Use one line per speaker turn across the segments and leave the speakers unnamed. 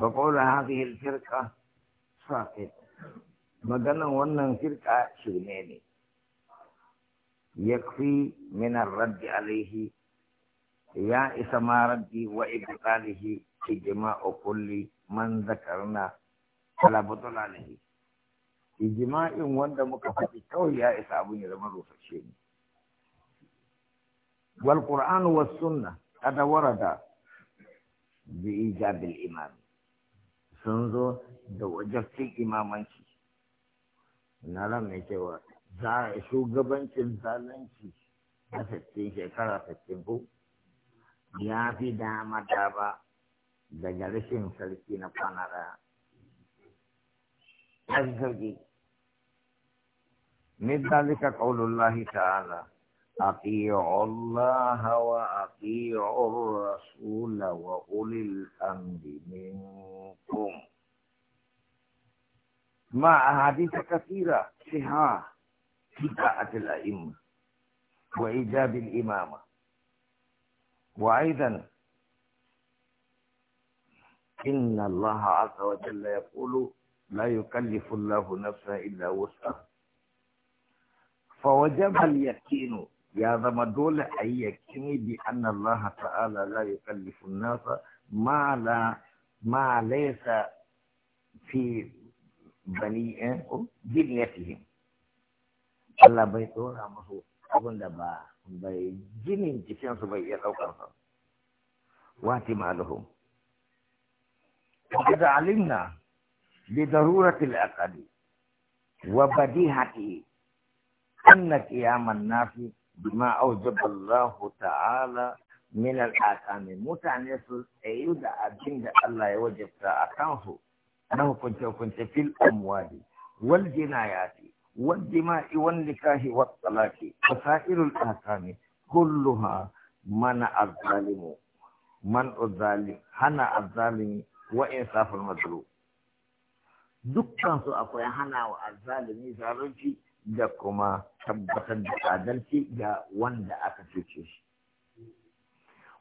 فقول هذه الفرقة ساقط مجانا ونن فرقة شغلاني يكفي من الرد عليه يا إسما ردي وإبطاله إجماع كل من ذكرنا على بطلانه إجماع وانا مكفتي كوي يا إسابني رمضو فشيني والقرآن والسنة قد ورد bi ijabil imam sun zo da wajen wajabcin imamanci na ran mai cewa za a yi shugabancin zalanci a sassan shekara sassan ku ya fi dama ta ba daga rashin sarki na kwanara ya fi sarki mai zalika ƙaunin lahi ta'ala أطيعوا الله وأطيعوا الرسول وأولي الأمر منكم ما أحاديث كثيرة فيها في طاعة الأئمة وإيجاب الإمامة وأيضا إن الله عز وجل يقول لا يكلف الله نفسا إلا وسعها فوجب اليقين يا دول أي كني بأن الله تعالى لا يكلف الناس ما لا ما ليس في بني جنيتهم الله بيتورا هو أبن دبا بي جنين تشان سبي يلو كرسا واتي ما لهم إذا علمنا بضرورة الأقل وبديهة أن قيام الناس بما أوجب الله تعالى من الآثام متعني سيدا أبين الله يوجب تأكانه أنه كنت كنت في الأموال والجنايات والدماء والنكاه والطلاق وسائر الآثام كلها من الظالم من الظالم هنا الظالم وإنصاف المظلوم دكتور أقول هنا الظالم رجي da kuma tabbatar da adalci ga wanda aka cuce shi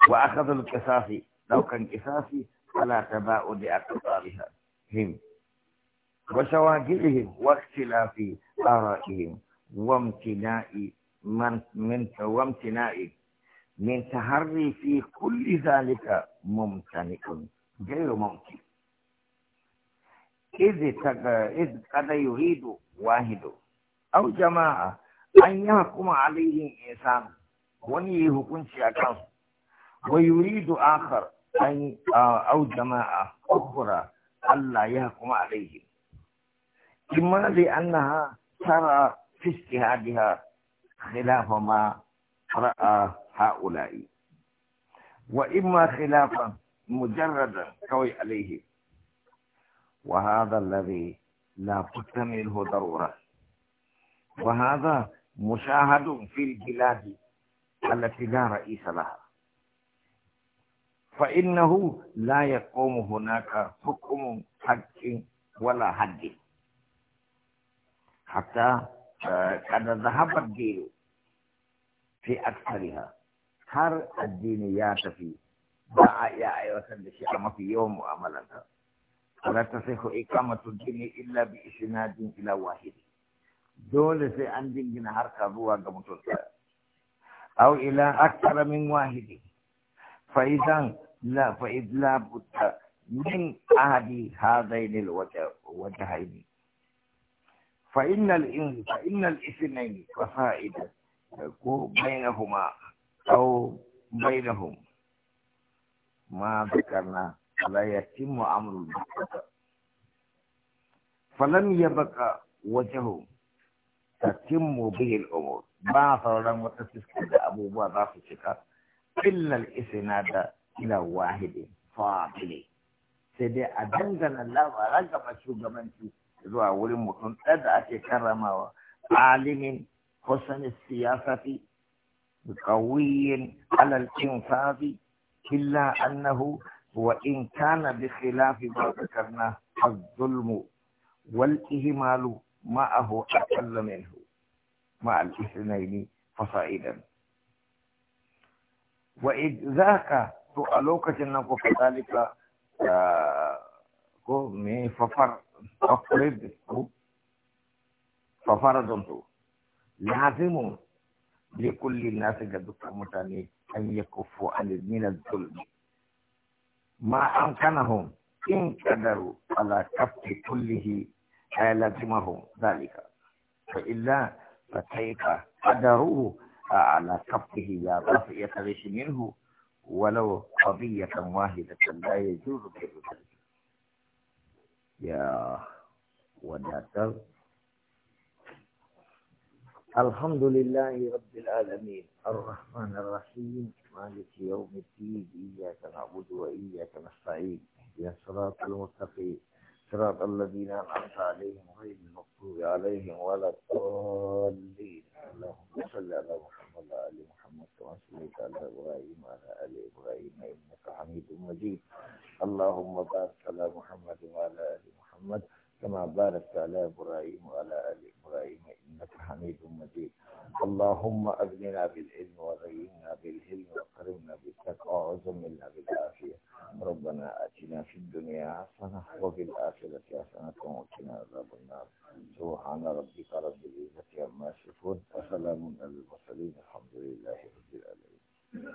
wa akhadhal qisasi daukan qisasi ala taba'u da aqdariha him wa shawagilihim wa ikhtilafi ara'ihim wa imtina'i man min wa imtina'i min تهري fi kulli zalika mumtanikun غير ممكن إذ قد يريد واحد أو جماعة أن يحكم عليهم إنسان وني يحكم شيئا ويريد آخر أن أو جماعة أخرى ألا يحكم عليهم إما لأنها ترى في اجتهادها خلاف ما رأى هؤلاء وإما خلافا مجردا قوي عليه وهذا الذي لا بد منه ضروره وهذا مشاهد في البلاد التي لا رئيس لها فإنه لا يقوم هناك حكم حق ولا حد حتى آه، قد ذهب الدين في أكثرها هر الدين ياتفي دعا يا أيوة الشيء ما في يوم مؤاملتها ولا تصح إقامة الدين إلا بإسناد إلى واحد dole sai an jingina harka zuwa ga mutum Au aw ila akara min wahidi fa idan la fa idla min ahadi ha hadaini alwajhaini fa innal in fa innal ithnaini fasaida ko bainahuma aw bainahum ma dhakarna la yatimmu amru falam baka wajhuhu تتم به الامور ما صار لهم متسس كذا ابو بكر راس الشكر الا الاسناد الى واحد فاضل سيدي ادنزل الله ورقم الشوغمنتي زوا ولي مكون قد اتي كرم عالم حسن السياسة قوي على الانفاذ الا انه وان كان بخلاف ما ذكرناه الظلم والاهمال معه أقل منه مع الاثنين فصائدا وإذ ذاك تؤلوك جنك فذلك قومي ففر أقربه ففرضته لازم لكل الناس قد متاني أن يكفوا عن من الظلم ما أمكنهم إن قدروا على كف كله لازمه ذلك فإلا فكيف قدره على كفه يا رفع يتغيش منه ولو قضية واحدة لا يجوز غير ذلك يا وداتر الحمد لله رب العالمين الرحمن الرحيم مالك يوم الدين إياك نعبد وإياك نستعين يا صراط المستقيم صراط الذين أنعمت عليهم غير المغضوب عليهم ولا الضالين اللهم صل على محمد وعلى آل محمد كما صليت على إبراهيم وعلى آل إبراهيم إنك حميد مجيد اللهم بارك على محمد وعلى آل محمد كما باركت على إبراهيم وعلى آل إبراهيم إنك حميد مجيد اللهم أغننا بالعلم وغينا بالهلم وأكرمنا بالتقوى وجملنا بالعافية ربنا آتنا في الدنيا حسنة وفي الآخرة حسنة وقنا عذاب النار سبحان ربك رب العزة عما يصفون وسلام على المرسلين الحمد لله رب العالمين